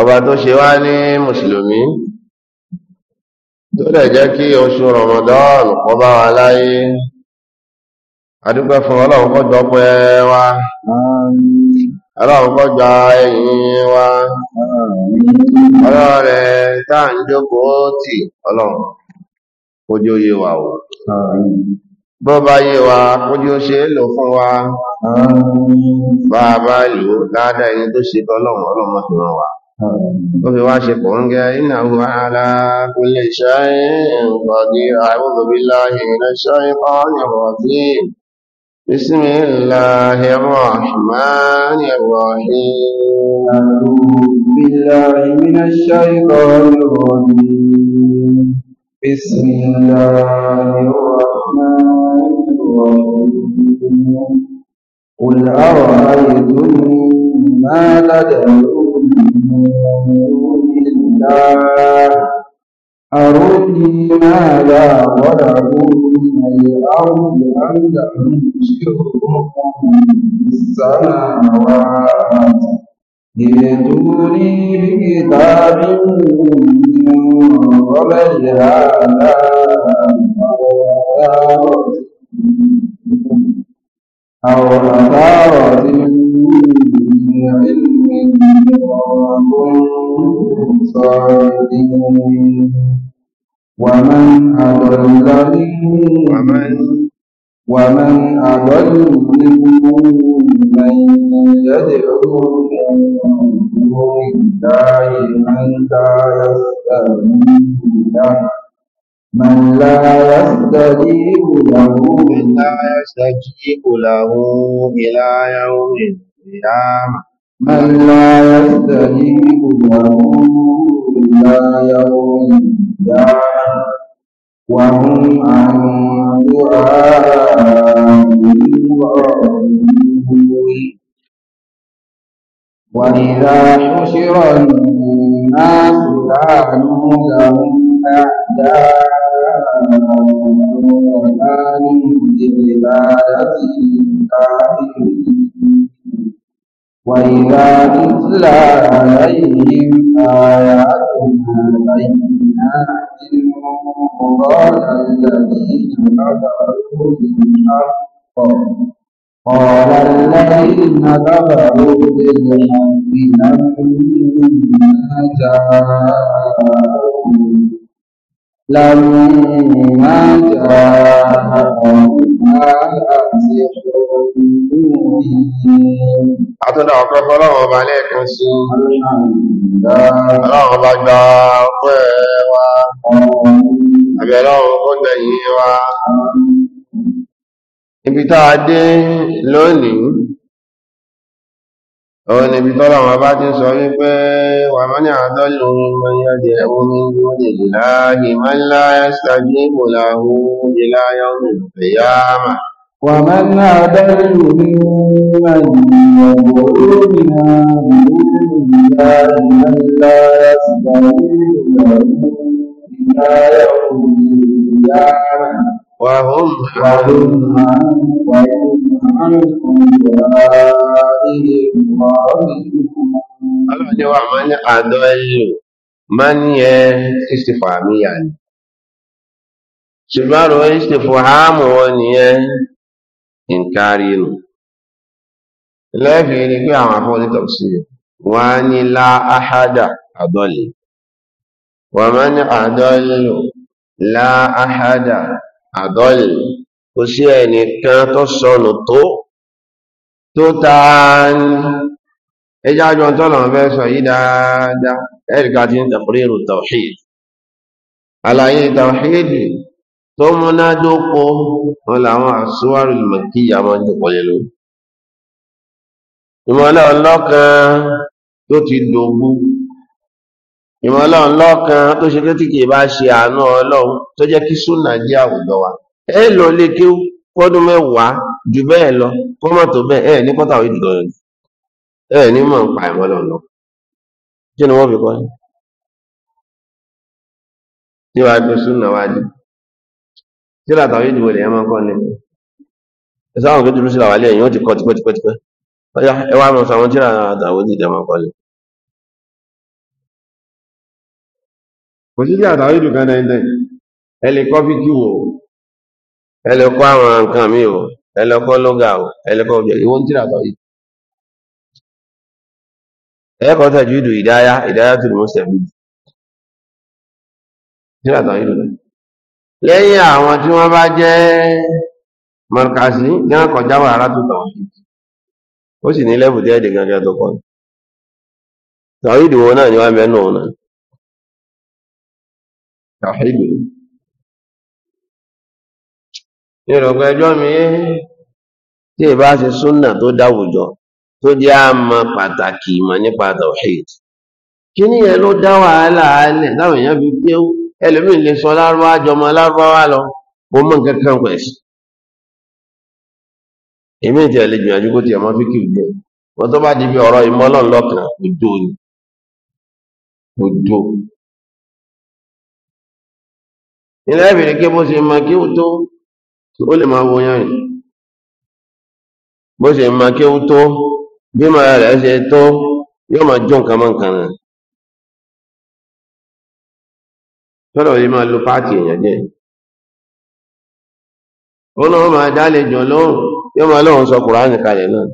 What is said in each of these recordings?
ọba tó ṣe wá ní mùsùlùmí tó lè jẹ́ kí oṣù Ramadan kọ́ bá wa láyé adúpẹ́ fún ọlọ́run kó jọ pẹ́ wá. ọlọ́run kó jọ ẹ̀yìn wá. ọlọ́run rẹ̀ tá à ń jókòó tì ọlọ́run kójú yé wa o bó bá yé wa kójú ṣe lò fún wa bá a bá lò ládàá ẹni tó ṣe tọ́lọ́run ọlọ́run fi ràn ó fi wá ṣe pọ̀ńgẹ́ iná wa ala kulli shay'in qadir a'udhu billahi minash shaytanir rajim بسم الله الرحمن الرحيم أعوذ بالله من الشيطان الرجيم بسم الله الرحمن الرحيم قل أرأيتم ما تدعون دون الله أروني ماذا ولدوا من الأرض أم لهم شرك السماوات ائتوني بكتاب من قبل هذا أو أثارة علم وكنتم ومن أضل ومن ومن أضل ممن يدعو من دون الله من لا يستجيب له من لا يستجيب له من لا يستجيب له إلى يوم القيامة من لا يستجيب له إلا يوم القيامة وهم عن دعائهم معرضون وإذا حشر الناس كانوا لهم أعداء وكانوا بعبادتهم كافرين وإذا تتلى عليهم آياتنا بينات قال الذين كفروا بالحق قال الذين كفروا بالحق لما جاءهم لما جاءهم ما Àtúndà ọ̀pẹ́ fọ́lọ́wọ́ ọba lẹ́ẹ̀kan sí ọlọ́run ọba gba ọpẹ́ wa, àbẹ̀ ọlọ́run kó gbẹ̀yìn wa. Ibi tá dé lónìí, òun níbi tọ́lọ̀ wọn bá ti sọ wípé wà mọ́ ní àádọ́lù mọ́yọ́dẹ̀ omi lórí ìlàáhì mọ́láyà sàbí ìbòláhù ìlàáyà omi ìyáàmà wà mọ́ ní àádọ́lù mọ́yọ́dẹ̀ omi lórí ìlàáhì Ọlọ́run ni wà máa ní àdọ́ ẹlò, máa ní ẹ ìsìfà àmìyà ni. Ṣùgbọ́n àwọn ìsìfà àmù wọn nìyẹn nǹkan inú. Lẹ́fì ni pé àwọn afọ́ onítọ̀ sí wọ́n á ní lá áhádà àdọ́lè. Wà máa ní àdọ́ ẹlò, lá áhádà àdọ́lè. kò sí ẹnìkan tó sọnù tó tó tààní ẹjá jọ tọ́lọ̀ sọ yí dáadáa ẹ̀ríkà ti ń tàkùrírù tawhid àlàyé tawhid tó múnádókó wọn làwọn àṣùwárù ìmọ̀kíyà máa ń dúpọ̀ ọlọ́kan tó ti dògbú ìmọ̀lẹ́ ẹ lọ lé kéwú fọ́dún mẹ́wàá jù bẹ́ẹ̀ lọ kọ́mọ̀ tó bẹ́ẹ̀ ẹ ní pọ́tàwé jùlọ ni ẹ ní mọ̀ ń pa ẹ̀mọ́ lọ lọ kí ni wọ́n fi kọ́ ní wàá gbé súnà wá dé tí làtàwé ìdìbò lè máa kọ́ ni ẹ sáwọn kejì lùsílà wálé ẹ̀yìn ó ti kọ́ tipẹ́tipẹ́tipẹ́ ẹ wá mọ̀ sàwọn tí làtàwé ìdìbò máa kọ́ ni. kò sí tí àtàwé ìdìbò kan náà ń dẹ ẹ lè kọ́ fi kí wò ó. ẹ lọ kọ́ àwọn nǹkan mi o ẹ lọ lọ́gà o ẹ lọ kọ́ ọbẹ̀ ìwọ ń yìí. ẹ kọ́ tajwidul ìdáyà ìdáyà tó lùmọ́ sẹ̀mí tíra tọ́ yìí lọ. lẹ́yìn àwọn tí wọ́n bá jẹ́ mọ̀kàsí ní tàwọn náà ni wọ́n mẹ́nu ìrọ̀pọ̀ ẹjọ́ mi tí e, ṣe súnà tó dáwùjọ tó jẹ́ àmà pàtàkì ìmọ̀ nípa tawhid kí ní ẹ ló dá wàhálà alẹ̀ láwọn èèyàn fi pé ẹlòmíì lè sọ lárúbáwá jọmọ lárúbáwá lọ mo mọ nǹkan kan pẹ̀ sí. èmi gbìyànjú kó mọ́ fíkì gbé wọn tó bá di bí ọ̀rọ̀ ìmọ̀ òjò ni òjò. ilé ó lè máa wo yán rìn bó ṣe máa kéwú tó bí màá rẹ̀ ṣe tó yóò máa jó nǹkan mọ́ rẹ̀ tọ́lọ̀ yìí máa lo páàtì èèyàn jẹ́ ó náà máa dálé jọ lóhùn yóò máa lóhùn sọ kùránì kalẹ̀ náà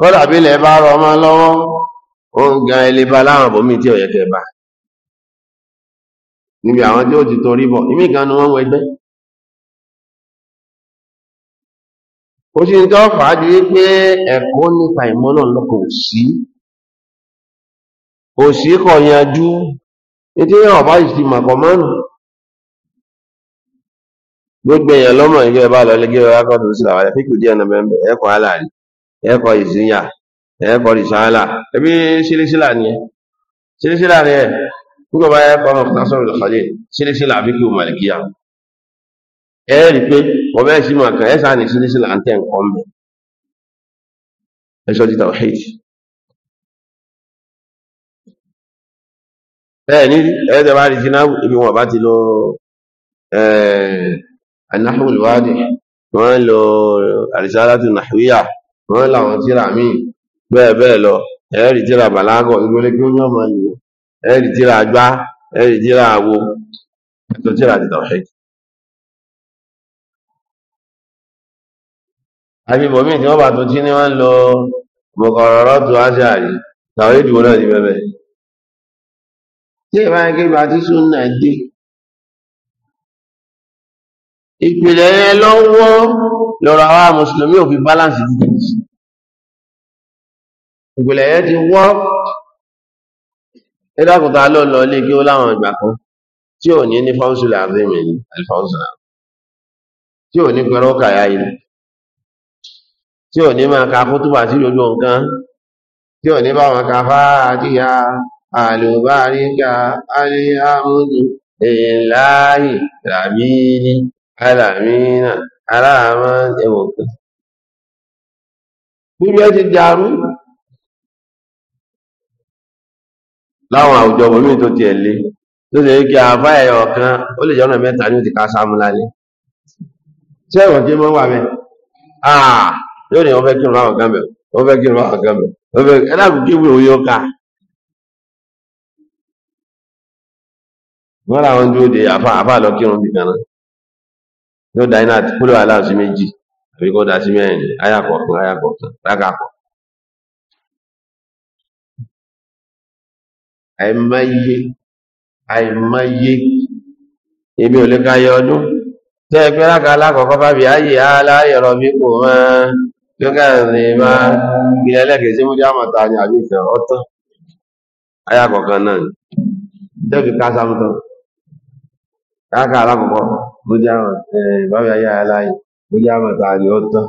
kọ́dà bí ilẹ̀ bá rọ ọmọ lọ́wọ́ ó ń gan ilé ba láwọn tí ọ̀yẹ́kẹ́ bá níbi àwọn tí ó ti torí ó sì ń tọ́ fàá ju wípé ẹ̀kọ́ nípa ìmọ̀ náà lọ́kàn ò sí ò sí kọ̀ yanjú etí yàn bá sì ti màkọ̀ mọ́nù gbogbo èèyàn lọ́mọ ìgbẹ́ bá lọ lẹ́gbẹ́ ọ̀rá kan tó sì làwọn ẹ̀ fíkù díẹ̀ nàbẹ̀ ẹ̀ ẹ̀kọ́ aláàrí ẹ̀kọ́ ìsìnyà ẹ̀kọ́ ìsànlá ẹbí sílísílà ni ẹ sílísílà ni ẹ nígbà bá ẹ̀kọ́ ọmọ kùtà sọ̀rọ̀ lọ́kọ̀lẹ́ sílísílà màlìkíyà ẹ rí i pé wọ́n bẹ́ẹ̀ sí màkà ẹ sáà ní sílísì là ń tẹ̀ nǹkan mẹ́ ẹ sọ ti tawhid ẹ ní ẹ tẹ bá rí jinabu ibi wọn bá ti lọ ẹ anahul wadi wọn lọ arisalatu nahwiya wọn làwọn tíra àti bòmí tí wọ́n bá tó tí ní wọ́n lọ mọ̀kànrọ̀rọ̀ tó áṣàrí tàwọn ìdìbò náà ti bẹ̀bẹ̀ tí ìbá ń kébà tí súnà dé ìpìlẹ̀ yẹn lọ́wọ́ lọ́rọ̀ àwọn mùsùlùmí ò fi báláǹsì ti tẹ̀lé sí ìpìlẹ̀ yẹn ti wọ́ ẹ̀dàkùtà ló lọ ilé kí ó láwọn ìgbà kan tí ò ní ní fáwọ́sùlà àbẹ́mẹ̀ ní alifáwọ́sùlà tí ò ní pẹ̀rọ kàyà ilẹ̀ tí ò ní máa ka kútùbà sí gbogbo nǹkan tí ò ní bá wọn ka fáàdíyà àlùbáríkà alihamudu èèláyì ràmíní alàmínà aláàmà ẹwọn ti dàrú láwọn àwùjọ bòmí tó tiẹ̀ lé tó ṣe kí àbá ẹ̀ ọ̀kan ó lè jẹ́ mẹ́ta ní ó ti ká sámúlálé. ṣé ìwọ̀n tí mo wà bẹ́ẹ̀? yóò ní wọ́n fẹ́ kírun láwọn kan bẹ̀ wọ́n fẹ́ kírun láwọn kan bẹ̀ wọ́n fẹ́ ẹ dàbí kí wíwò yóò ká. wọ́n làwọn dúró de àfa àfa lọ kírun bí kan náà yóò dá iná àti kúlò aláàsí méjì àbí kó dá sí mẹ́rin ayàkọ̀ kan ayàkọ̀ kan lákàkọ̀. àìmáyé àìmáyé èmi ò lè ka yọ ọdún tẹ́ ẹ pé lákàlá kọ̀ọ̀kan bá bí ayé aláyọ̀rọ̀ mi kò máa lókè ní máa ní ẹlẹ́kẹ̀ẹ́ tí mú jẹ́ ni àbí ìfẹ́ ọ̀tọ́ ayákọ̀ọ̀kan náà ni tẹ́bí kásámútọ́ káàkà alákọ̀ọ́kọ́ mú jẹ́ àmọ̀ta ayá aláyé mú jẹ́ ni ọ̀tọ́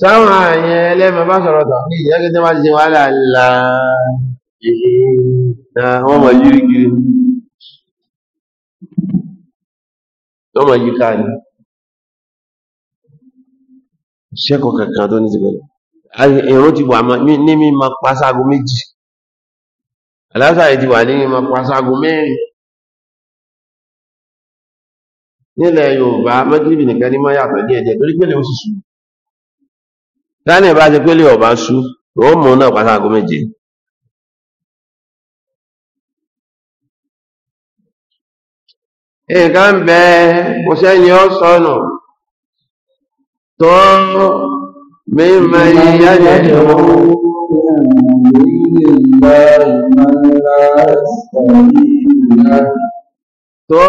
sáwọn àyẹn ẹlẹ́mọ̀ bá sọ̀rọ̀ tọ̀ ní ìyẹ́gẹ́gẹ́ má ti ṣe Majirani kò sí ẹ̀kọ́ kankan tó ní ṣe pẹ̀lú ẹ̀rọ ti wà ní mímọ paságo méjì aláṣàrí ti wà ní mímọ paságo mẹ́rin nílẹ̀ Yorùbá mẹ́gírìbì nìkan ní mọ́yàtọ̀ díẹ̀ díẹ̀ torí pẹ́lẹ̀ oṣù sùn rọọ na nǹkan ń bẹ kò sẹ́ni ó sọnù tó mímọ ìyá jẹjọ tó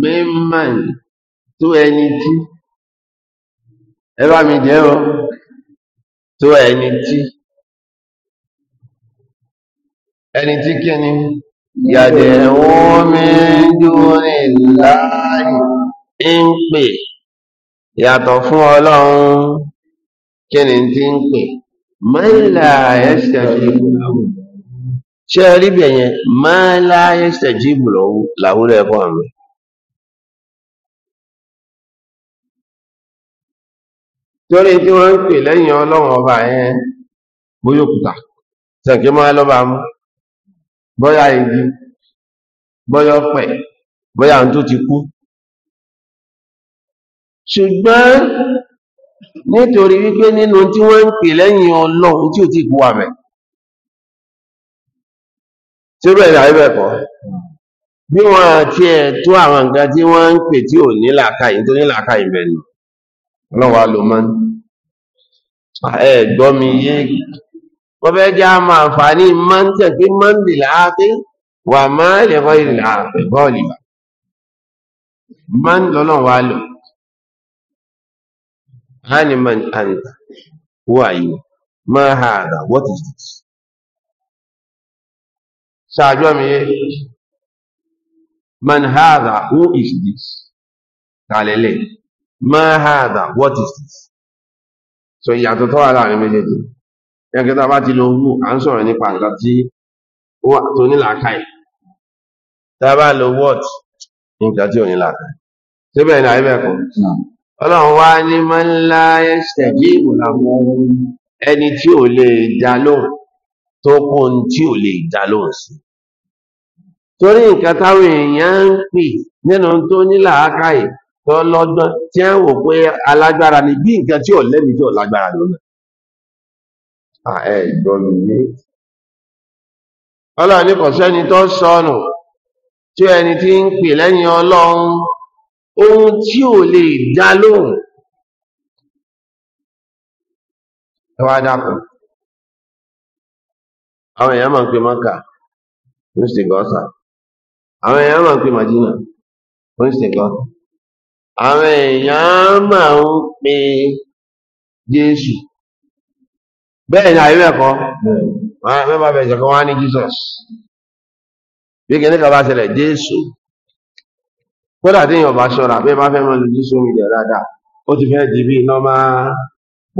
mímọ tó ẹni tí ẹ bá mi jẹ́ o tó ẹni tí ẹni tí kí ni yàdẹ̀wọ́ mẹ́jọ́rẹ̀ láàyè ń pè yàtọ̀ fún ọlọ́run kí ni tí ń pè mọ́lá ẹ̀ṣẹ̀jì ṣe rí bẹ̀ yẹn mọ́lá ẹ̀ṣẹ̀jì làwúrẹ̀ ẹ̀kọ́ àmì torí tí wọ́n ń pè lẹ́yìn ọlọ́run ọba yẹn bóyókùtà sànkí máa lọ́ba mú bọ́yá igi bọ́yá ọ̀pẹ̀ bọ́yá tó ti kú ṣùgbọ́n nítorí wípé nínú tí wọ́n ń pè lẹ́yìn ọlọ́run tí ò ti kú àmẹ́ tí ó bẹ̀rẹ̀ àríbẹ̀kọ́ bí wọ́n àti ẹ̀tọ́ àwọn nǹkan tí wọ́n ń pè tí ò ní làákàyè tó ní làákàyè bẹ̀rẹ̀ ọlọ́wà lò mọ́ ẹ̀gbọ́n mi yé wọ́n fẹ́ jẹ́ àmà àǹfààní mọ́ntẹ̀ tí mọ́ndì láàáfí wà máa lè kọ́ ìrìn àfẹ́ bọ́ọ̀lì bá mọ́ndì lọ́nà wà lò hàní man àǹtà who are you máa ha àdà what is this ṣáájú mi yé man ha àdà who is this kàlẹ́lẹ̀ máa ha àdà what is this so ìyàtọ̀ tó wà láàrin méjèèjì ẹgbẹ́ tá a bá ti lo wú à ń sọ̀rọ̀ nípa nǹkan tí ó wà tó ní làákàyè tá a bá lo what nǹkan tí ò ní làákàyè síbẹ̀ ní àyíbẹ̀ kan ọlọ́run wá ní mọ́nlá ẹ̀ṣẹ̀gí ìwòlàwọ̀ ẹni tí ò lè dá lóhùn tó kún tí ò lè dá lóhùn sí torí nǹkan táwọn èèyàn ń pè nínú tó ní làákàyè tó tí wọ́n wò pé alágbára ni bí nǹkan tí ò lẹ́mìí tí ò lágbára lónà ẹ̀gbọ́mìyé ọlọ́run ní kò sẹ́ni tó sọnù tí ẹni tí ń pè lẹ́yìn ọlọ́run ohun tí ò lè dá lóhùn ẹ wá dákun àwọn èèyàn máa ń pe mọ́kà ń ṣe gọ́sà àwọn èèyàn máa ń pe màjínà ń ṣe gọ́sà àwọn èèyàn máa ń pe jésù bẹ́ẹ̀ ni àyè mẹ́kọ́ mẹ́bà ah, bẹ̀ ṣẹ̀kọ́ wá ní Jesus bí kìíní kan bá ṣẹlẹ̀ Jésù kódà tí èèyàn bá ṣọ́ra bí bá fẹ́ mọ́ lu Jésù mi jẹ̀ dáadáa ó ti fẹ́ di bí nọ́mà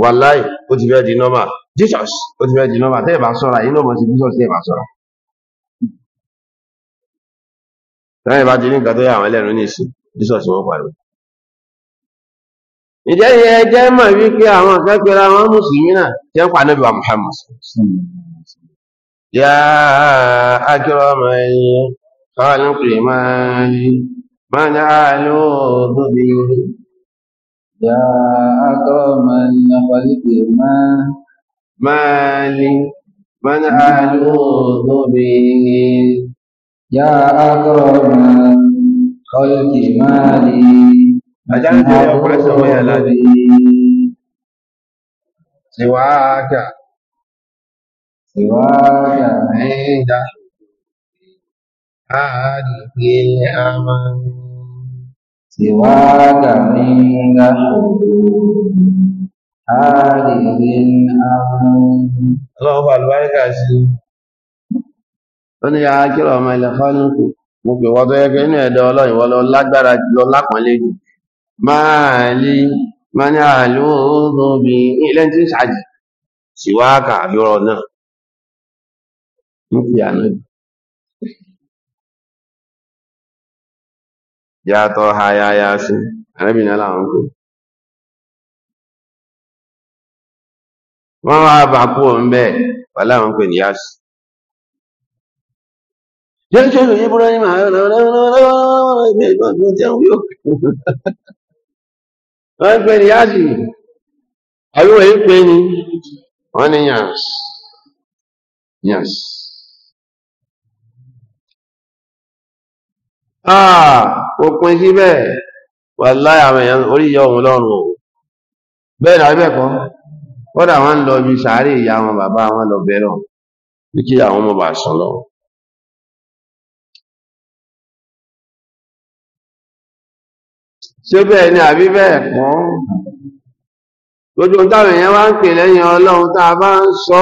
wàláì ó ti fẹ́ di nọ́mà Jesus ó ti fẹ́ di nọ́mà tẹ́ẹ̀ bá ṣọ́ra inú ọmọ sí Jesus tẹ́ẹ̀ bá ṣọ́ra tẹ́ẹ̀ bá ti ní nǹkan tó yà wọ́n lẹ́nu ní ìsìn Jesus wọ́n pariwo ǹjẹ́ yẹ jẹ́ mọ̀ wípé àwọn akẹ́kẹ̀ẹ́ra wọn mùsùlùmí náà tí wọ́n pa níbi wa Muhammad yá ájọ́rọ̀ ọmọ ẹ̀yìn kọ́ọ̀lù kìrìmáàlì máa ní àlọ́ òdòdó yá ájọ́rọ̀ ọmọ ẹ̀yìn kọ́ọ̀lù kìrìmáàlì máa ní àlọ́ òdòdó yá ájọ́rọ̀ ọmọ ẹ̀yìn kọ́ọ̀lù kìrìmáàlì. أجعلني أقول الذي سواك سواك عند حالك الأمن سواك عند حالك الأمن الله البركة أنا يا أكرم الخلق mo pè wọ́n tó yẹ kí inú ẹ̀dọ́ ọlọ́yìn wọ́n lọ lágbára jùlọ lápọ̀nlé jù máàlì mani àlóòrùnbí ilẹ̀ tí ń ṣàjì naa. yàtọ̀ hayaya sí ànábì láwọn kò wọ́n wá bà kú òun bẹ́ẹ̀ wà láwọn pè ní yásì jẹ́ ṣe ìròyìn ní màá lọ́wọ́lọ́wọ́lọ́wọ́ wọ́n pè ní yáàdì àbíwọ̀ yìí pè ní wọ́n ní yàns yàns. Ah, mo pin sí bẹ́ẹ̀ wàláhì àwọn èèyàn orí ìyá òun lọ́rùn o bẹ́ẹ̀ wọ́n lọ ju sàárè ìyá wọn bàbá wọn lọ bẹ̀rọ̀ bí kí àwọn ọmọ ṣé bẹ́ẹ̀ ni àbí bẹ́ẹ̀ kọ́ gbogbo táwọn èèyàn wá ń pè lẹ́yìn ọlọ́run tá a bá ń sọ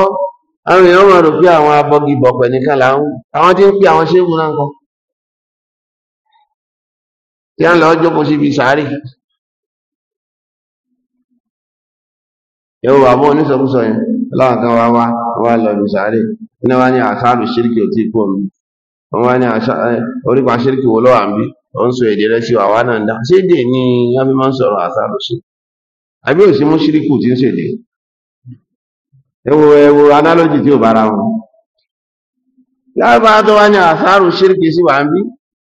àwọn èèyàn mọ̀ rò pé àwọn abọgibọ̀pẹ̀ nìkan làwọn àwọn tí ń pè àwọn ṣéèmù náà kọ́ tí a ń lọ jókòó síbi sàárì yóò wà mọ́ oníṣọ́kúsọ yẹn láwọn kan wá wá wá lọ lù sàárè iná wá ní àṣàrù ṣíríkì ò tí ì kú omi wọn wá ní orípa ṣíríkì wo lọ́wọ́ à ń bí ó ń sọ èdè rẹ sí na náà dá ṣé èdè ni wọn fi máa ń sọ̀rọ̀ àṣà sí àbí òsì mùṣírìkù tí ń ṣèdè ẹ wo analogy tí ò bára wọn lárúbá tó wá ní àṣàrù ṣírìkì sí wà bí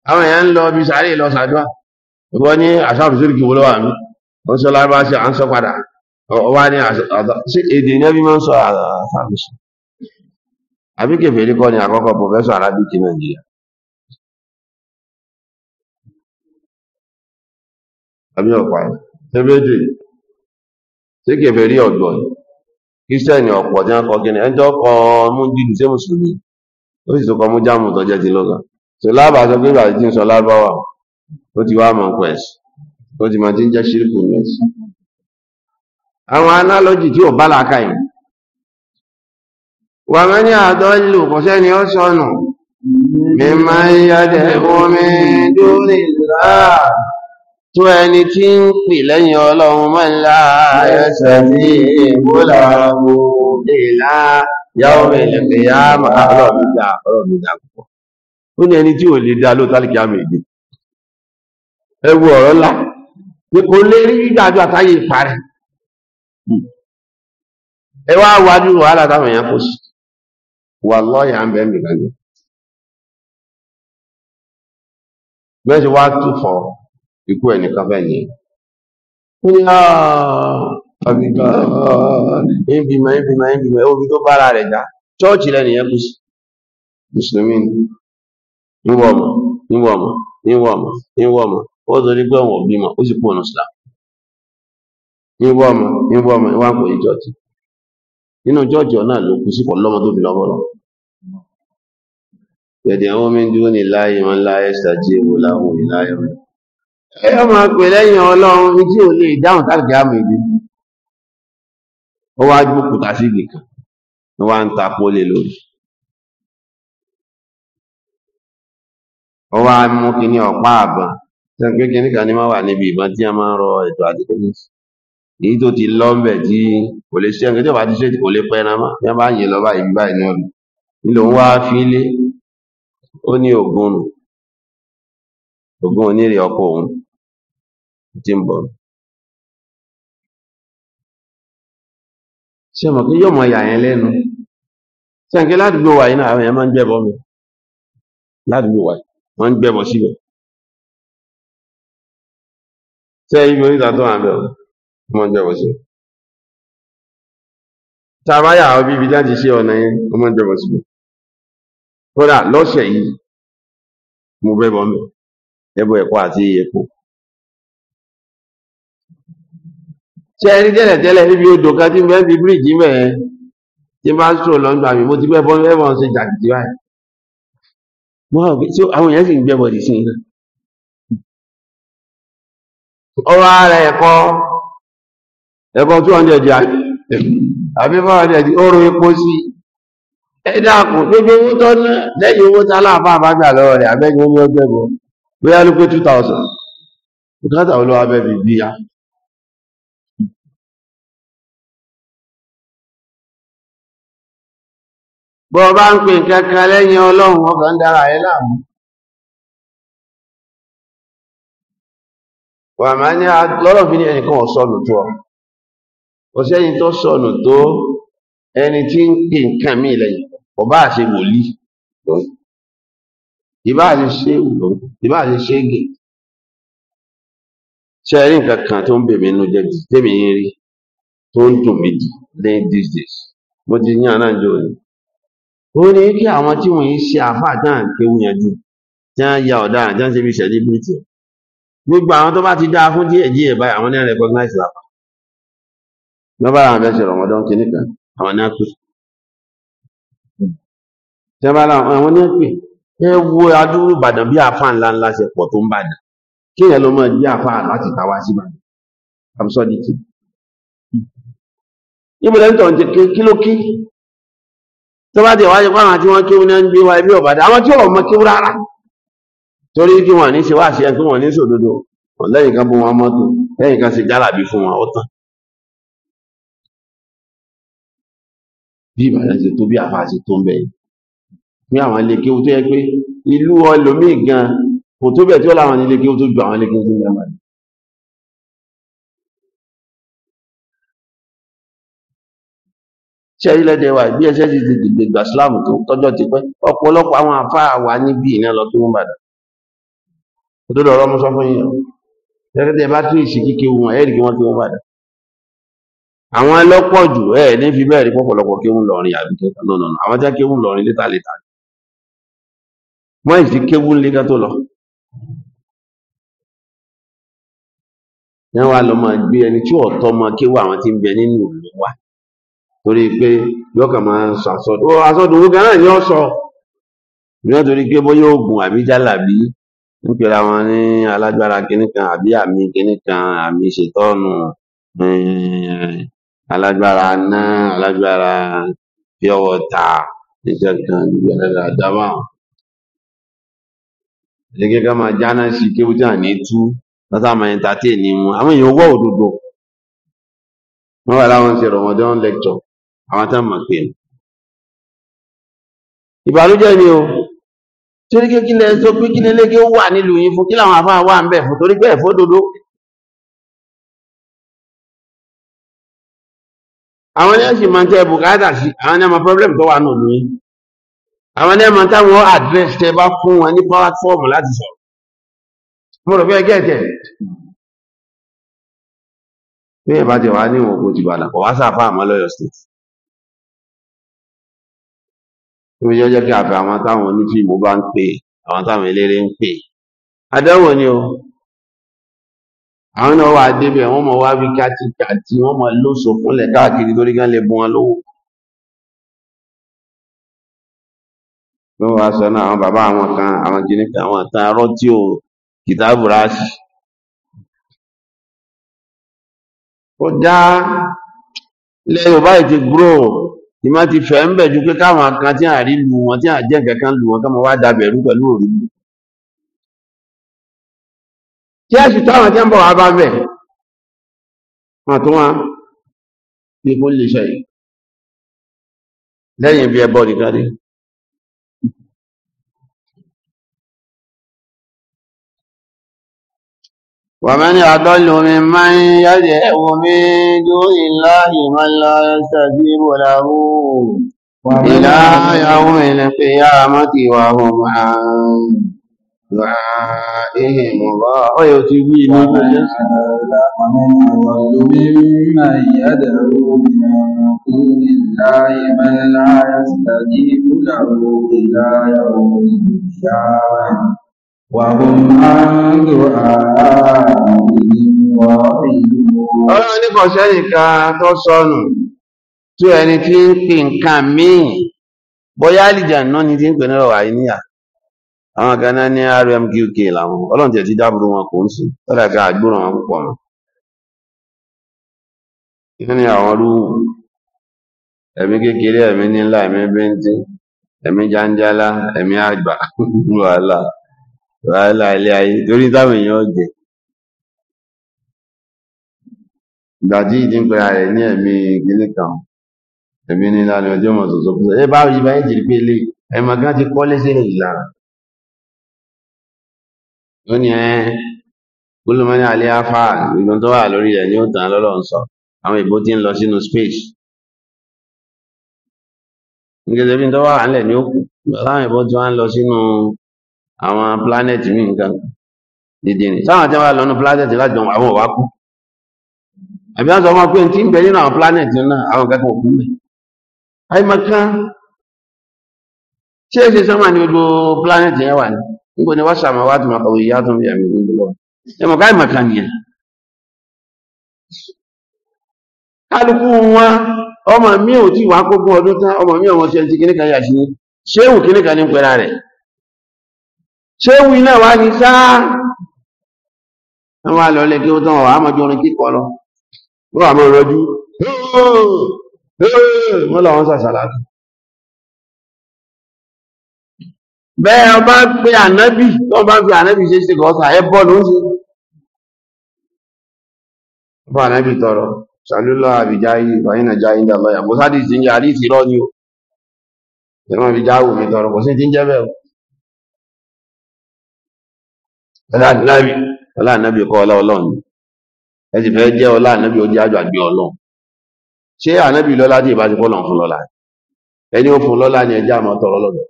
àwọn èèyàn ń lọ bí sàárè lọ sàdúrà ìwọ ní àṣàrù ṣírìkì wo wà àbí ọ̀pá ẹ̀ tẹ́bẹ́jì tí kẹfẹ́ rí ọ̀gbọ̀ kírísítẹ́nì ọ̀pọ̀ tí wọ́n kọ gẹ́ni ẹjọ́ kọ mú jíjù sí mùsùlùmí ó sì tó kọ mú jáàmù tó jẹ́ ti lọ́gà tó lábà sọ pé ìgbà tí ń sọ lábáwà ó ti wá mọ̀ pẹ̀ ó ti máa ti ń jẹ́ ṣírìkù mẹ́sì àwọn análọ́jì tí ò bá làákà yìí wà mẹ́ ní àdọ́ ìlú kò sẹ́ni ó sọnù mímọ́ ìyá dẹ̀ omi dúró ní ìlú tó ẹni tí ń pè lẹ́yìn ọlọ́run mọ́lá ẹsẹ̀ ní ìmúlà ọmọ ìlà yàwó ìlẹ̀kẹ̀ yá máa ọlọ́run mi dá ọlọ́run mi dá púpọ̀ ó ní ẹni tí ò lè dá ló tálíkì àmì èdè ẹ ọ̀rọ̀ ńlá pé kò lè rí dájú àtàyè ìparẹ́ ẹ wá wájú wàhálà táwọn èèyàn kò sí wà lọ́ọ̀yà ń bẹ́ẹ̀ mi lánàá bẹ́ẹ̀ sì wá tù fọ́ ikuwe nikavanye ìbìmọ̀ ìbìmọ̀ ìbìmọ̀ omi tó bára rẹ̀ já chọ́ọ̀chì lẹ́nìyàn kú sí mùsùlùmí níwọ̀mọ̀ níwọ̀mọ̀ níwọ̀mọ̀ níwọ̀mọ̀ ó torí pé ọ̀wọ̀ bímọ ó sì pọ̀nà sílá níwọ̀mọ̀ níwọ̀mọ̀ wà ń pè chọ́ọ̀chì nínú chọ́ọ̀chì ọ̀nà ló kú sí pọ̀lọ́mọ tó fi lọ́mọ lọ ẹ máa pè lẹ́yìn ọlọ́run ijí ò lè dáhùn tàbí àmì ìdí ó wá gbókùtà sí ìgbìkan ni wá ń ta pólé lórí ó wá mú kí ní ọ̀pá àbọ̀n tí wọ́n pé kí nìkan ní máa wà níbi ìbọn tí wọ́n máa ń rọ ètò àti pé èyí tó ti lọ ńbẹ̀ tí kò lè ṣe ẹnìkan tí ọba ti ṣe kò lè pẹran mọ́ bí wọ́n bá yìn lọ báyìí báyìí ní nílò wá fílé ó ní ògùn ògùn onírè ọkọ òun Timbom. Ṣé mọ̀ pé yóò mọ yà yẹn lẹ́nu? Ṣé n kí ládùúgbò wa yìí náà àwọn èèyàn máa ń gbẹ́bọ mi? Ládùúgbò wa yìí, wọ́n ń gbẹ́bọ síbẹ̀. Ṣé ibi oríta tó wà ń bẹ̀ o? Wọ́n ń gbẹ́bọ síbẹ̀. Tá a bá yà ọ́ bí ibi láti ṣe ọ̀nà yẹn, wọ́n máa ń gbẹ́bọ síbẹ̀. Kódà lọ́sẹ̀ yìí, mo bẹ́bọ mẹ́, ẹbọ ẹ̀kọ́ àti epo. ṣe ẹni tẹ́lẹ̀ tẹ́lẹ̀ níbi odò kan tí bẹ́ẹ̀ fi bíríìjì mẹ́ẹ̀ tí bá ń sọ lọ́nà àmì mo ti gbẹ́ ẹ̀bọ̀ ṣe jàdìdì báyìí wọ́n àwọn èèyàn sì ń sí iná ọwọ́ ara ẹ̀kọ́ ẹ̀kọ́ two hundred àbí four hundred epo sí ẹ dákun gbogbo owó tó ná lẹ́yìn owó tá láàbá lọ́wọ́ rẹ̀ abẹ́ni bóyá ló pé two thousand bùkátà ya bọ́ bá ń pè kankan lẹ́yìn ọlọ́run ọkà ń dára ẹ láàmú wà máa ní lọ́rọ̀ fi ní ẹnìkan ọ̀sọ́nù ọ tó sọnù tó ẹni tí ń pè nǹkan mí lẹ́yìn wòlíì ṣe ṣe ìbá ṣe gè ṣe nǹkan kan ó ní kí àwọn tí wọ́n ń ṣe àfáà tán kéwu yanjú tí wọ́n ya ọ̀daràn tí wọ́n ṣe fi ṣẹ̀dí bíríìtì gbogbo àwọn tó bá ti dáa fún díẹ̀ díẹ̀ báyìí àwọn náà recognize la lọ́ba àwọn fẹ́ ṣe rọ̀mọ́dán kìíní kan àwọn náà pè tí wọ́n bá la àwọn náà pè ẹ wo adúrú Ìbàdàn bí àfáà ńlá ńlá ṣe pọ̀ tó ń bàdàn kí èèyàn ló mọ̀ bí àfáà láti ta wá sí Ìbàdàn absurdity ibùdó ń tọ̀ kí ló kí tó bá ti wáyé fáwọn tí wọ́n kéwú náà ń gbé wa ẹbí ọ̀bàdà àwọn tí wọ́n mọ kéwú rárá torí kí wọ́n ní ṣe wá ṣe kí wọ́n ní ṣòdodo lẹ́yìn kan bó wọn mọ́tò lẹ́yìn kan ṣe jálàbí fún wọn ó tán bí ìbàdàn ṣe tó bí àfáà ṣe tó ń bẹ ní àwọn ilé kéwú tó yẹ pé ìlú ọlòmíì gan kò tó bẹ̀ tí ó láwọn ilé kéwú tó ju àwọn ilé kéwú tó ń ṣẹ́rí lẹ́dẹ̀ wa bí ẹsẹ̀ ti ti dìgbè gbà sílámù tó tọ́jọ́ ti pẹ́ ọ̀pọ̀lọpọ̀ àwọn afáà wà níbi ìná lọ tó ń bàdàn òdodo ọ̀rọ̀ mo sọ fún yín lẹ́tẹ̀tẹ̀ bá tún ìsì kíkẹ́ wọn ẹ̀ rí kí wọ́n tó ń bàdàn àwọn ẹlọ́pọ̀ jù ẹ̀ ní fi bẹ́ẹ̀ rí pọ̀pọ̀lọpọ̀ kéwù lọ́rin àbí tó kàn lọ́nà àwọn tí wọ́n kéwù lọ́rin létà létà wọ́n ìsì kéwù ńlé kan tó lọ yẹn wà lọ́ máa gbé ẹni tí ọ̀tọ́ máa kéwù àwọn tí ń bẹ nínú ìlú wa torí pé yóò kàn máa sọ àsọdùn ó àsọdùn ó gan náà ni ó sọ ìyẹn torí pé bóyá oògùn àbí jálàbí ń pera wọn ní alágbára kinní kan àbí àmì kinní kan àmì ṣètọ́nù eh, alágbára náà alágbára fíọwọ́ ta níṣẹ́ kan níbi ẹ̀rẹ́dà dábà gẹ́gẹ́ ká máa jáná sí kéwú tí à ní tú lọ́tà máa ẹ̀ńtátì ní wọn àwọn èèyàn wọ́ òdodo wọ́n wà láwọn ṣe rọ̀mọdé wọn lẹ́kítọ̀ àwọn tán mọ̀ pé ìbànújẹ́ ni o torí kí kílẹ̀ tó pé kí nílé kí ó wà nílùú yín fún kí làwọn afá wà ń bẹ̀ fún torí pé ẹ̀fọ́ dodo àwọn ní ẹ̀sìn máa ń tẹ́ bùkátà sí àwọn ní ẹ̀mọ pọ́blẹ́mù tó wà nù ní àwọn ní ẹ̀mọ táwọn àdírẹ́sì tẹ́ bá fún wọn ní pálátfọ́ọ̀mù láti sọ̀rọ̀ mo rò pé ẹgẹ́ ẹ̀tẹ̀ bí ẹ̀ bá ti wá ní ìwọ̀n kò ti bàdàn kò wá sáfà àmọ́ lọ́yọ̀ state tó fi jẹ́jẹ́ kí àfẹ́ àwọn táwọn onífíìmù bá ń pè àwọn táwọn eléré ń pè adẹ́wò ni o àwọn náà wà débẹ̀ wọ́n mọ̀ wá bí kátikàti wọ́n mọ̀ lóṣò fúnlẹ̀ káàkiri torí kán lè bu wọn lówó ló wá sọ náà àwọn bàbá àwọn kan àwọn kìíní kan àwọn àtàn arọ́ tí ò kìtàbù ráṣì ó dá ilẹ̀ Yorùbá yìí ti gbúrò ni má ti fẹ́ ń bẹ̀ ju pé káwọn kan tí à rí lu wọn tí à jẹ́ nǹkan kan lu wọn ká máa wá dabẹ̀rú pẹ̀lú òru lu kí ẹ̀sì táwọn tí ń bọ̀ wá bá bẹ̀ wọn tó wọn bí kò lè ṣe lẹ́yìn bí ẹbọ nìkan ni. ومن أضل ممن يدعو من دون الله من لا يستجيب له إلى يوم القيامة وهم عن دعائهم غافلون ومن أضل ممن يدعو من دون الله من لا يستجيب له إلى يوم القيامة Ọlọ́run ní kò sẹ́nìkan tó sọnù tó ẹni tí ń pè nǹkan míì bóyá àlìjànà ni tí ń pè náà wà níyà. Àwọn kan náà ní RMQK làwọn ọlọ́run tẹ̀ ti dábùrú wọn kò ń sùn lọ́dà ká àgbòrò wọn púpọ̀ mọ́. Kí ni àwọn rúwù? kékeré, nílá, bíntín, àgbà, wàhálà ilé ayé torí táwọn èèyàn jẹ ìgbà tí ìdí ń pera rẹ̀ ní ẹ̀mí ìgbélé kan ẹ̀mí nílá ni ọjọ́ mọ̀ tòótọ́ pé ẹ bá rí bá ẹ̀jẹ̀ rí pé ilé ẹ̀mọ gan ti kọ́ lẹ́sẹ̀ rẹ̀ lára ó ní ẹ gbólómọ́ní alẹ́ afá ìgbọ́n tó wà lórí ẹ̀ ní ó tàn lọ́lọ́ sọ àwọn ìbò ti ń lọ sínú space nígbà tí ó wà nílẹ̀ ní ó kù láwọn ìbò ti wá ń lọ sínú àwọn planet mi nǹkan dìde ni sáwọn tí wọ́n planet láti jọ àwọn òwá kú àbí wọ́n sọ wọn pé tí ń bẹ nínú àwọn planet náà àwọn kankan òkú mẹ́ àìmọ̀kan ṣé sọ́mà ní gbogbo planet yẹn wà ní ni wọ́n ma wá tó máa kọ̀wé ìyá tó ń bí àmì lọ nìyẹn kálukú wọn ọmọ mi ò tí wàá ọdún tán ọmọ mi yà sí ṣéwù iná wá ní sáá wọ́n wá lọ lẹ́gbẹ́ ọdún ọ̀wà àmọ́jú orin kíkọ lọ wọ́n àmọ́ ìrọ́jú wọ́n làwọn sàṣàlá bẹ́ẹ̀ ọba pé ànábì tó bá fi ànábì ṣe ṣe kọ́sà ẹ bọ́ ló ń ṣe ọba ànábì tọrọ ṣàlúlọ àbìjáyé ìbáyínà jáyé ńlá lọ́yà bó sádìsí ń yà àdìsí rọ́ ni o ìrọ̀ àbìjáwò mi tọrọ kò sí ti ń jẹ́ bẹ́ẹ̀ o ọlá ànábì kọ́ ọlá ọlọ́run ni ẹ sì fẹ́ jẹ́ ọlá ànábì ó jẹ́ àjọ àgbẹ̀ ọlọ́run ṣé ànábì lọ́lá tí ìbá ti fọ́ lọ́n fún lọ́lá ẹni ó fún lọ́lá ni ẹjẹ́ àmọ́ tọrọ lọ́dọ̀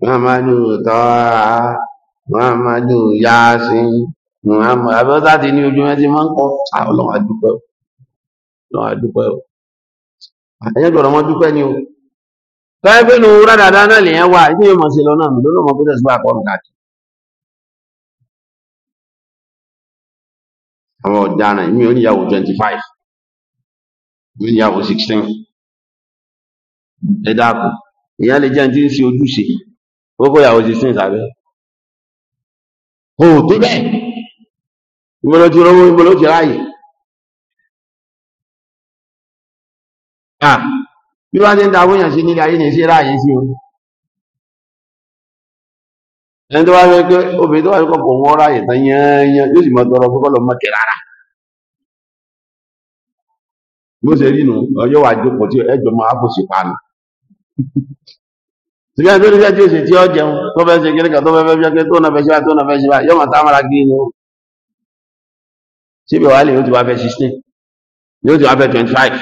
muhammadu tọ́ra muhammadu yasin muhammadu abẹ́ọ́tà ti ní ojú mẹ́tí máa ń kọ́ ọlọ́run àdúpẹ́ ọlọ́run àdúpẹ́ ọ àyẹ́gbọ̀rọ̀ mọ́ dúpẹ́ ni o tọ́wọ́ pé nu wúrà dáadáa náà lèyàn wà ní yóò mọ̀ sí lọ́nà mi lọ́nà mọ̀ pẹ́tẹ́sì bá àkọ́rùn káàkiri. àwọn ọ̀daràn mi ò níyàwó twenty five mi ò níyàwó sixteen ẹ dáàbò ìyá lè jẹ́ ní tí ń ṣe ojúṣe ó kó ìyàwó sixteen sábẹ́. o ò tó bẹ́ẹ̀ ìmọ̀lẹ́ ti rọ́wọ́ ìmọ̀lẹ́ ti ráàyè bí wọ́n ti ń dáwó yàn sí nílé ayé ní sí ráàyè sí o ẹni tó wá rẹ pé obìnrin tó wá rẹpọ̀ kò wọ́n ráàyè tán yányán yóò sì mọ tọrọ pé kọ́lọ̀ mọ́kẹ́ rárá bó ṣe rí nu ọjọ́ wà jókòó tí ẹjọ́ máa bò sí panu ṣùgbọ́n tó ní fẹ́ tí ó ṣe tí ó jẹun tó fẹ́ ṣe kiri kan tó fẹ́ fẹ́ fẹ́ pé tó náà fẹ́ ṣe báyìí tó náà fẹ́ ṣe báyìí yóò máa tá a máa nu síbi wàhálà yóò ti wá fẹ́ sixteen yóò ti wá fẹ́ twenty five.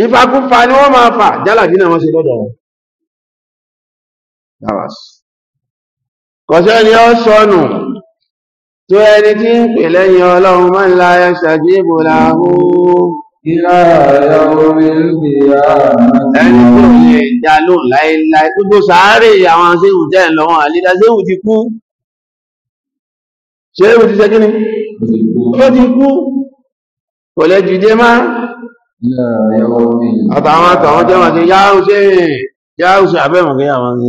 ìfàkúfà ni wọ́n máa fà jálàdí náà wọ́n ṣe lọ́dọ̀ wọn kọ̀ṣẹ́ ni ó sọnù tó ẹni tí ń pè lẹ́yìn ọlọ́run máa ń la ẹ̀ṣẹ̀ jí ìbò láhú ẹni tó lè dá lóhùn láéláé gbogbo sàárè àwọn aṣẹ́wù jẹ́ ìlọ́wọ́n àlídá ṣéwù ti kú ṣéwù ti ṣe kí ni ó ti kú kò lè dìde máa àtàwọn àtàwọn jẹ́ wọn sí yáúsẹ́ yáúsẹ́ abẹ́mọ̀ kí àwọn tó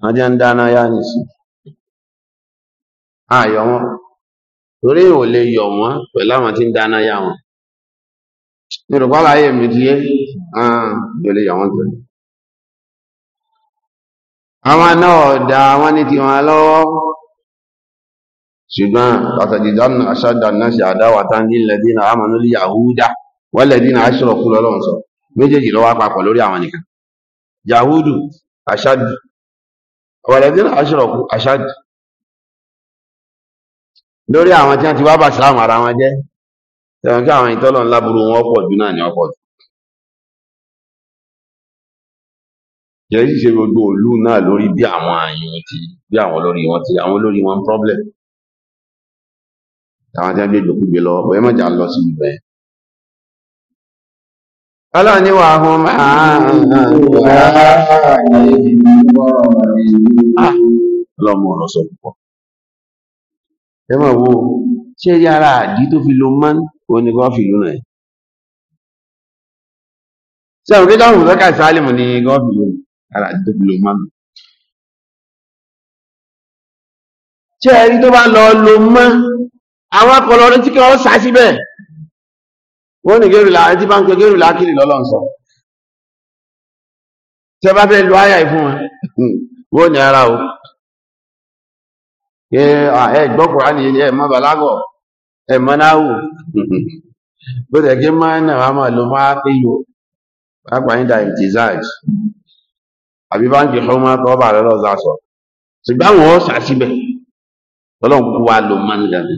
wọ́n jẹ́ ń dáná yá ní sí ààyọ̀ wọn torí ìwò lè yọ̀ wọ́n pẹ̀lú àwọn tí ń dáná yá wọn yorùbá láyé mi ti yé lè yọ̀ wọ́n tó àwọn náà ṣùgbọ́n àtàjìdánù àṣàdánù sí àdáwà táńdí lẹ́dínà àmànú lè yàhúdá wọ́n lẹ́dínà aṣọ́rọ̀ kú lọ́lọ́run sọ méjèèjì lọ́wọ́ papọ̀ lórí àwọn nìkan yahudu aṣáàdù wọ́n lẹ́dínà aṣọ́rọ̀ kú aṣáàdù lórí àwọn tí wọ́n ti wá bá sàmù ara wọn jẹ́ tẹ̀wọ̀n kí àwọn ìtọ́lọ̀ ńlá burú wọn pọ̀ jù náà ní ọ̀pọ̀ jù yẹ́n sì ṣe gbogbo òlú náà lórí bí àwọn àyùn ti bí àwọn olórí wọn ti àwọn olórí wọn problem àwọn tí wọ́n gbé gbòkúgbé lọ ọ̀pọ̀ ẹ mọ̀jà lọ sí ibẹ̀. ọlọ́run ní wàá hun máa ọlọ́mọ ọ̀rọ̀ sọ púpọ̀ ẹ mọ̀ wo ṣé yàrá àdí tó fi lo mọ́n onígọ́fì lónà ẹ̀ ṣé àwọn kí dáhùn lọ́kà sálẹ̀mù ní gọ́fì lónà ara àdí tó fi lo mọ́n ṣé ẹni tó bá lọ lo mọ́n àwọn akọlọrin tí kí wọ́n sá síbẹ̀ wọ́n ní gẹ́rù láàrín tí bá ń pẹ gẹ́rù láàkìrì lọ́lọ́ sọ tẹ bá fẹ́ lu àyà ìfún wọn wọ́n ní ara o ẹ gbọ́kùnrin á nìyẹn ẹ mọ́ balágọ̀ ẹ mọ́ náwó bó tẹ̀ kí máa náà wà máa lo máa pé yo pápá yín da ìtìzáàjì àbí báńkì fún máa tọ́ bà lọ́lọ́ sọ ṣùgbọ́n àwọn ọ̀sà síbẹ̀ ọlọ́run kú wa lo máa ń dàbí.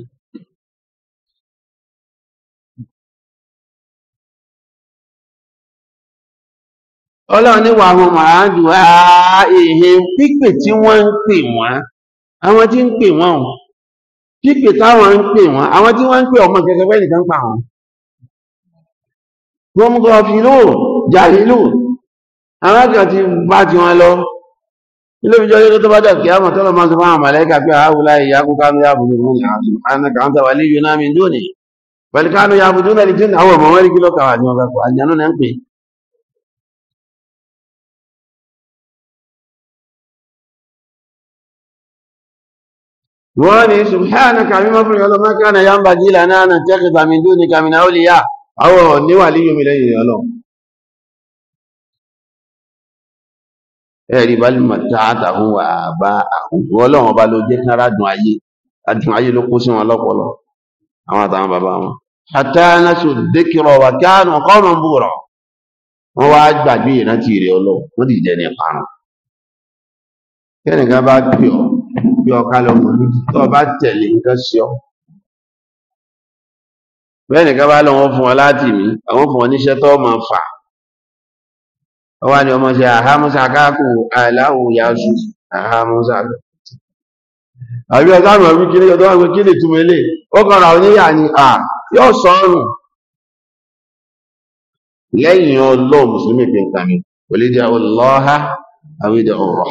ọlọ́run ní wàhùn màádù ààhìn pípè tí wọ́n ń pè wọ́n àwọn tí ń pè wọ́n wọ́n pípè táwọn ń pè wọ́n àwọn tí wọ́n ń pè ọmọ kẹ̀kẹ́ pẹ́ nìkan pa wọ́n gbọmgọfìlò jàhílò àwọn kan ti bá ti wọn lọ ilé ìjọ yóò tó bá dà kí àmọ̀ tọ́lọ̀ máa sọ fáwọn màlẹ́kà pé àáwùlá ìyá kó kánú yá bùdó fún ìyàtọ̀ àánàkà ń tàwà lẹ́yìn náà mi dóni pẹ̀lú kánú yá bùdó náà lè jẹ́ àwọn ọmọ wọn rí kí lọ́kà wà ní ọgbà kò àjànú náà ń pè é واني سبحانك subhanaka mímọ́ fún ìyọ́lọ́ mọ́kànlá ya ń bá jílà من دونك من mi dún ní kàmínà ó lè yá àwọn níwà líyò mi lẹ́yìn ìyọ́lọ́ ẹ̀rí bá lè mọ̀ tààtà hún wà bá àkùnkù ọlọ́run ọba ló jẹ́ kára dùn ayé adùn ayé ló kó sí wọn lọ́pọlọ àwọn àtàwọn bàbá wọn hatta nasu dhikra wa kanu qawman bura wọ́n wá gbàgbé ìrántí rẹ̀ ọlọ́run wọ́n dìjẹ́ ní ìparun kẹ́nìkan bá pè ọ́ gbé ọká lọ mọ̀lúdì tó bá tẹ̀lé nǹkan sí ọ bẹ́ẹ̀ nìkan bá lọ wọ́n fún ọ láti mí àwọn fún ọ níṣẹ́ tó mọ̀ fà ọwá ni ọmọ ṣe àhámúsà káàkù aláwò yáṣù àhámúsà àbí ọ̀tá àmọ̀ wí kí ní ọdọ́ àwọn kí ní túnmọ̀ ilé ó kọ́ra oníyà ni à yóò sọ́rùn lẹ́yìn ọlọ́ mùsùlùmí pé nǹkan kò lè jẹ́ ọlọ́ha àwídẹ̀ ọ̀rọ̀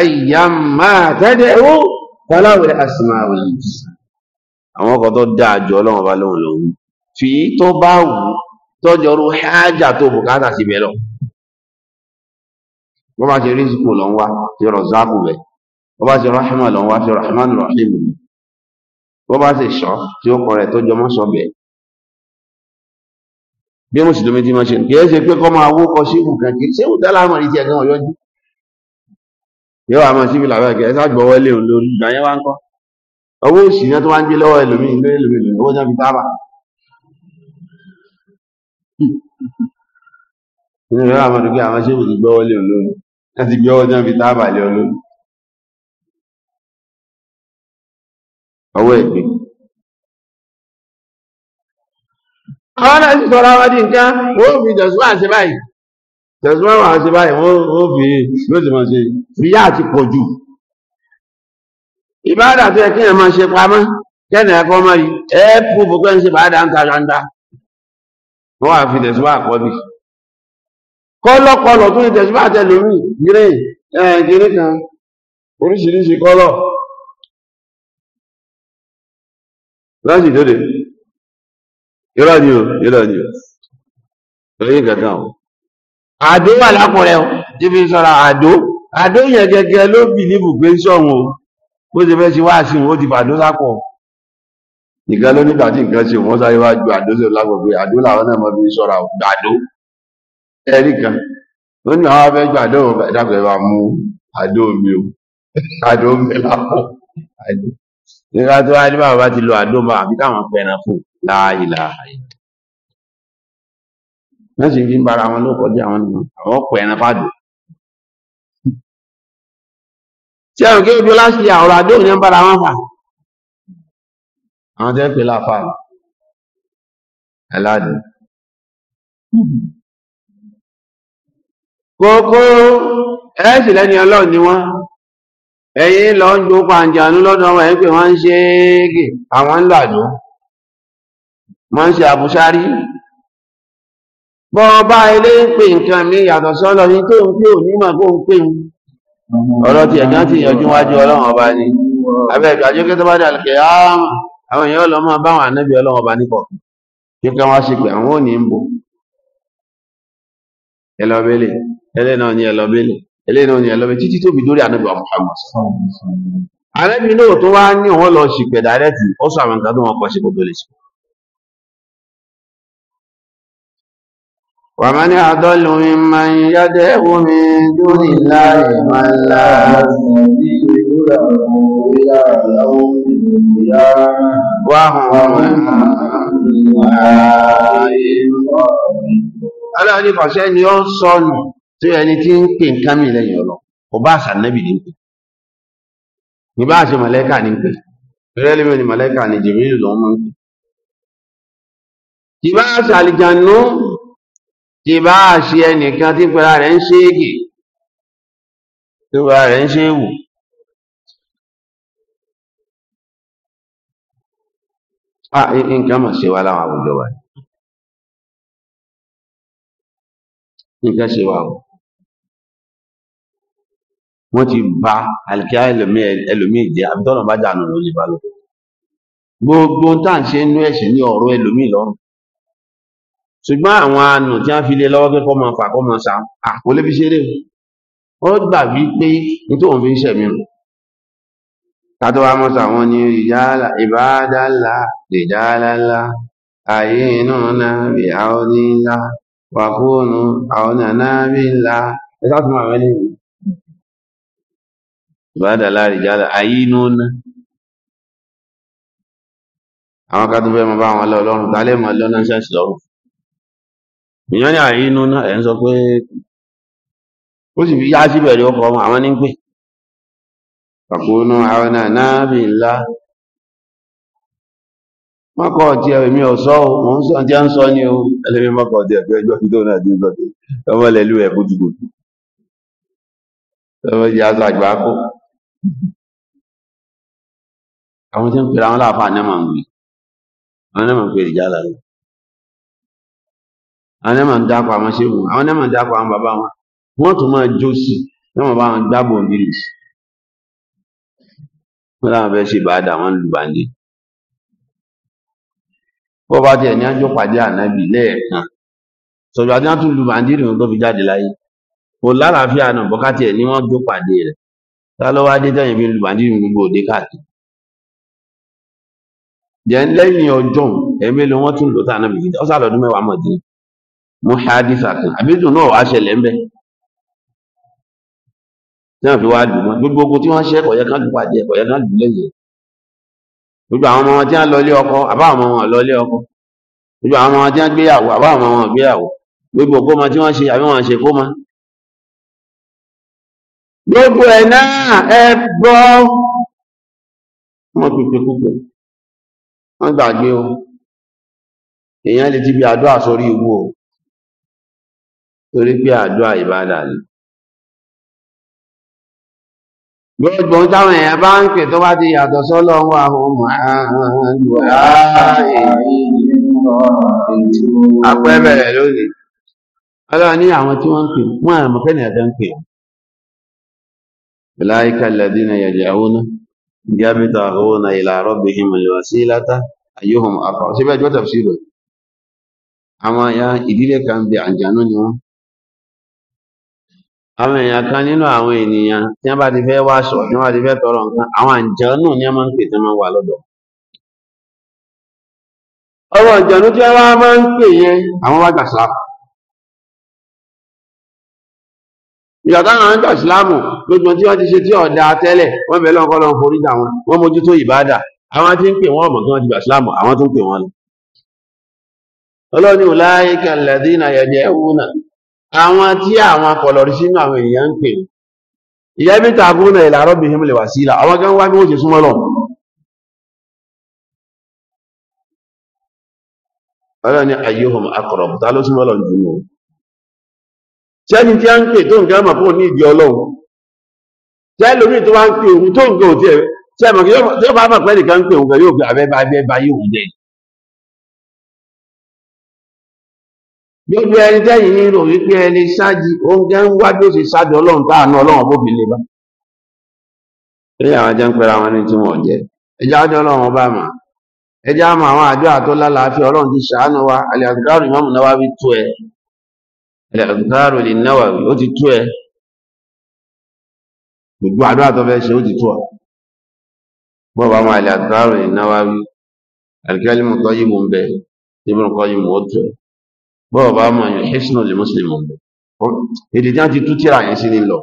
ayyamma tad'u falahu al-asma'ul husna àwọn ọkọ̀ tó dáa jù ọlọ́run bá lóhun lòun fi tó bá wù tọ́jọrú hájà tó bùkátà síbẹ̀ lọ wọ́n bá ti rízikù lọ ń wá ti rọ̀záàkù bẹ̀ wọ́n bá ti rahma lọ ń wá ti rahman rahim bẹ̀ wọ́n bá ti sọ tí ó kọ rẹ̀ tó jọmọ́ sọ bẹ̀ bí mùsùlùmí ti máa ṣe kì í ṣe pé kọ́ máa wó kọ sí ìbùkàn kì í ṣe ìwòdá ìdí ẹ̀gbọ́n ọ̀yọ́jú yóò wá máa síbi làbẹ́ kẹ ẹ ṣàgbọ́wọ́ ilé òun lórí ìgbà yẹn wá ń kọ́ owó òsì náà tó wá ń gbé lọ́wọ́ ẹlòmíì lórí ẹlòmíì lórí owó jẹ́ fi tábà. inú ìwé àwọn ọmọdé pé àwọn ṣéwù ti gbọ́wọ́ lé òun lórí láti gbọ́wọ́ jẹ́ fi tábà lé òun ọwọ́ ẹ̀gbẹ́. àwọn náà sì sọ̀rọ̀ àwọn di nǹkan wọ́n fi ìjọsìn wá ṣe báyìí tẹ̀síwá wà sí báyìí wọ́n ó fi yóò ti mọ̀ sí fìyà àti pọ̀ jù ìbáàdà tó yẹ kí ẹ máa ṣe pamọ́ kẹ́ni ẹ̀kọ́ ọmọ yìí ẹ fún bùkẹ́ ń ṣe bàádà ń ta ṣanda wọ́n wà fi tẹ̀síwá àkọ́bí kọ́lọ́kọlọ̀ tó ní tẹ̀síwá àtẹlómi gírè gírè kan oríṣiríṣi kọ́lọ̀ láti ìdóde yọ́rọ̀ ni o yọ́rọ̀ ni o lóyìn kankan o àdó wà lápọ̀rẹ̀ ọ tí fi sọ́ra àdó àdó yẹn gẹ́gẹ́ ló bì níbù pé sọ̀run o bó ṣe fẹ́ ṣe wá sí wọn ó ti fàdó lápọ̀ nìkan ló nígbà tí nǹkan ṣe wọn sáré wá ju àdó sí lápọ̀ pé àdó làwọn náà mọ̀ fi sọ́ra àdó ẹ̀rí kan ó ní àwọn afẹ́ gbà àdó wọn dàpọ̀ ẹ̀ bá mú àdó mi o àdó mi lápọ̀ àdó nígbà tó wá ní bàbá ti lo àdó mọ́ àbí káwọn fẹ́ràn fún láàyè láàyè wọ́n sì fi ń bára wọn ló kọjá àwọn nìyẹn àwọn ọ̀pọ̀ ẹran fàdù. tí àwọn kí ojú láti ṣe àwòrán àdéhùn ní bára wọn fà àwọn tẹ́ ń pè láfa ẹ̀láàdì. kókó ẹ̀ẹ́sì lẹ́ni ọlọ́run ni wọ́n ẹ̀yin lọ ń jó pàǹjànú lọ́dọ̀ wọn pé wọ́n ń ṣe é àwọn bọ́ ọba ilé ń pè nǹkan mi yàtọ̀ sọ́lọ́ ní tó ń pè ò nímọ̀ kó ń pè ń ọ̀rọ̀ ti ẹ̀gán ti yànjú wájú ọlọ́run ọba ni abẹ́ẹ̀dù àjọkẹ́ tó bá dà lùkẹ́ àwọn èèyàn lọ máa báwọn ànábì ọlọ́run ọba nípọ̀ kí ká wá sí pé àwọn ò ní ń bò ẹlẹ́ náà ni ẹlẹ́ ni títí tóbi dórí ànábì ọmọ wá ní ومن أضل ممن يدعو من دون الله من لا يستجيب له إلى يوم القيامة وهم Ọlọ́run ní kọ̀ṣẹ́ ni ó sọnù tó ẹni tí ń pè nǹkan mi lẹ́yìn ọ̀lọ́, kò bá àṣànẹ́bì ní pè. Ìbá àṣẹ mọ̀lẹ́kà ní pè, ìrẹ́lẹ́mẹ́ ni mọ̀lẹ́kà ni Jibril lọ́mọ́ ń pè. Ìbá àṣàlìjànú kì bá ṣe ẹnìkan tí pẹ̀lá rẹ̀ ń ṣe ègè tó bá rẹ̀ ń ṣe èwù nǹkan mọ̀ ṣe wá láwọn àwùjọ wa nǹkan ṣe wá o wọ́n ti ba àlìkíá ẹlòmíì jẹ́ àbítọ́nà bá jà nù ló lè gbogbo tá à ń ṣe nínú ẹ̀sìn ní ọ̀rọ̀ ẹlòmíì lọ́rùn ṣùgbọ́n àwọn àánú tí wọ́n fi lé lọ́wọ́ pé kọ́ máa fà kọ́ máa sàmù àkó lè fi ṣeré ó gbà wí pé nítorí òun fi ń ṣẹ̀mí rò kátó wa mọ́ sàwọn ni ìjálá ìbádálá ìjálálá ayé inú náà bí àwọn nílá wàkúùnù àwọn náà bí ńlá ẹ sáàtì máa wẹ́lẹ́ yìí ìbádálá ìjálá ayé inú náà àwọn kátó fẹ́ bá wọn lọ lọ́rùn tálẹ́ mọ lọ́nà ṣẹ́ṣì lọ́rùn èèyàn ní àárín inú náà ẹ̀ ń sọ pé ó sì fi yá síbẹ̀ ní ọkọ̀ ọmọ àwọn ní ń pè àkóónú àwọn náà náà bí ńlá mọ́kọ̀ ọ̀tí ẹ̀mí ọ̀sọ́ mọ́ ń sọ tí a ń sọ ní o ẹlẹ́mí mọ́kọ̀ ọ̀tí ẹ̀fẹ́ ẹjọ́ tó náà dín sọ ọmọ ilẹ̀ lú ẹ̀ kójúkòjú ọmọ ìyá aṣọ àgbà kó àwọn tí ń pèrè àwọn láàfáà náà máa ń wí àwọn náà máa ń pèrè ìjà lálẹ́ àwọn náà máa ń dápọ̀ àwọn ṣéwù àwọn náà máa ń dápọ̀ àwọn bàbá wọn wọ́n tún máa jó sí wọ́n máa bá wọn gbábọ̀ ògiri sí wọ́n láwọn fẹ́ ṣe bàádà wọ́n lu bàndé bọ́ bá tiẹ̀ ní àjọ pàdé ànábì lẹ́ẹ̀kan sọ̀rọ̀ àti wọ́n tún lu bàndé rìn tó fi jáde láyé kò lálàáfíà náà bọ́kátì ẹ̀ ní wọ́n jó pàdé rẹ̀ tá ló wá dé tẹ̀yìn fi lu bàndé rìn gbogbo òde káàkiri jẹ́ lẹ́yìn ọjọ́ ẹ̀mí ló wọ́n tún lò tá ànábì muhadisa kan àbídùn náà wàá ṣẹlẹ̀ ń bẹ tí wọ́n fi wá dùn mọ́ gbogbo ogun tí wọ́n ṣe kọ̀yẹ́ kan dùn pàdé kọ̀yẹ́ kan dùn lẹ́yìn gbogbo àwọn ọmọ wọn tí wọ́n lọ ilé ọkọ àbá àwọn ọmọ wọn lọ ilé ọkọ gbogbo àwọn ọmọ wọn ẹ̀ náà ẹ gbọ́ wọ́n púpọ̀ wọ́n gbàgbé o èèyàn lè ti fi àdó àsọrí ìwú o. torí pé àdúrà ìbádà ni gbogbo táwọn èèyàn bá ń pè tó bá ti yàtọ̀ sọ́lọ́ wà ọmọ àpẹẹrẹ lónìí ọlọ́run ní àwọn tí wọ́n ń pè wọ́n àmọ́ fẹ́ni àjọ ń pè láìka lẹ́dínà yẹ̀dẹ̀ àwọn jábítà àwọn ìlà rọ́bìhìm ìwàsílátà ayóhùn àpá síbẹ̀ jọ́tà sí rẹ̀ àwọn ìdílé kan bí ni wọ́n àwọn èèyàn kan nínú àwọn ènìyàn tí wọ́n bá ti fẹ́ wáṣọ tí wọ́n bá ti fẹ́ tọrọ nǹkan àwọn àǹjọ́nù ni wọ́n máa ń pè tí wà lọ́dọ̀ ọwọ́ àǹjọ́nù tí wọ́n máa ń pè yẹn àwọn wá gbàṣà ìyàtọ̀ àwọn àǹjọ́ ìsìlámù lójúmọ́ tí wọ́n ti ṣe ọ̀dà tẹ́lẹ̀ wọ́n bẹ̀rẹ̀ lọ́kọ́ lọ́n forí dà wọn wọ́n mójútó àwọn tí àwọn kọlọ̀rí sínú àwọn èèyàn ń pè ìyẹ́ bí tàbúrúnà ìlàrọ̀ bí him lè wà sílá àwọn gan wá bí wọ́n ṣe súnmọ́ lọ ọ̀rọ̀ ni ayyuhum aqrab ta ló súnmọ́ lọ jù nù sẹ́ni tí a ń pè tó nǹkan mọ̀ fún ní ìdí ọlọ́run tẹ́ lómi tó wá ń pè òun tó nǹkan òtí ẹ̀ tí a mọ̀ kí yóò bá mọ̀ nìkan ń pè òun kan yóò fi abẹ́ yóò jẹ́ gbogbo ẹni tẹ́yìn ní rò wípé ẹni ṣáájú oúnjẹ ń wá bí ó ṣe ṣáájú ọlọ́run tá àánú ọlọ́run bó fi lè bá àwọn jẹ ń pẹ́ra wọn ní tí wọ́n jẹ́ ọjọ́ ọlọ́run bá mà ẹjá mọ àwọn àjọ àtọ́ lálàáfíà ọlọrun ti ṣàánú wa ẹ ó ti bọ́ọ̀ bá mọ̀ yàn hẹ́sìnà lè mọ́sílẹ̀mù èdè tí wọ́n ti tú tíra yẹn sí ní lọ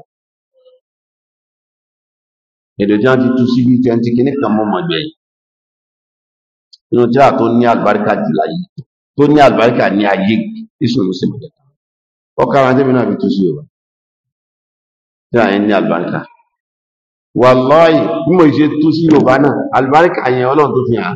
èdè tí wọ́n ti tú sí bí tẹ́ntì kí nìkan mọ́ mọ̀ gbẹ̀yìn inú tíra tó ní àlùbáríkà jù láyé tó ní àlùbáríkà ní ayé hẹ́sìnà mọ́sílẹ̀mù jẹ́ ọkà ara tẹ́mi náà fi tú sí o tíra yẹn ní àlùbáríkà wàlọ́ọ̀yì bí mo ṣe tú sí Yorùbá náà àlùbáríkà yẹn Ọlọ́run tó fi hàn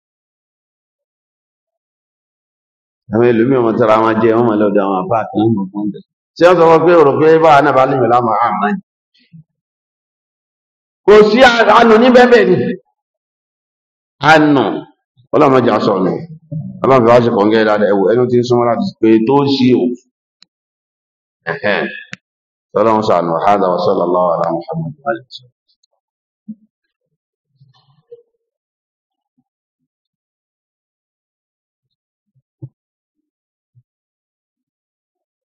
àwọn ẹlòmíì wọn tẹra wọn jẹ wọn lọ dá àwọn àbá kan mọ fún bẹ tí wọn sọ wọn pé òrò pé bá náà bá lèmi láwọn àmà yìí kò sí àánú ní bẹ́ẹ̀ bẹ́ẹ̀ ni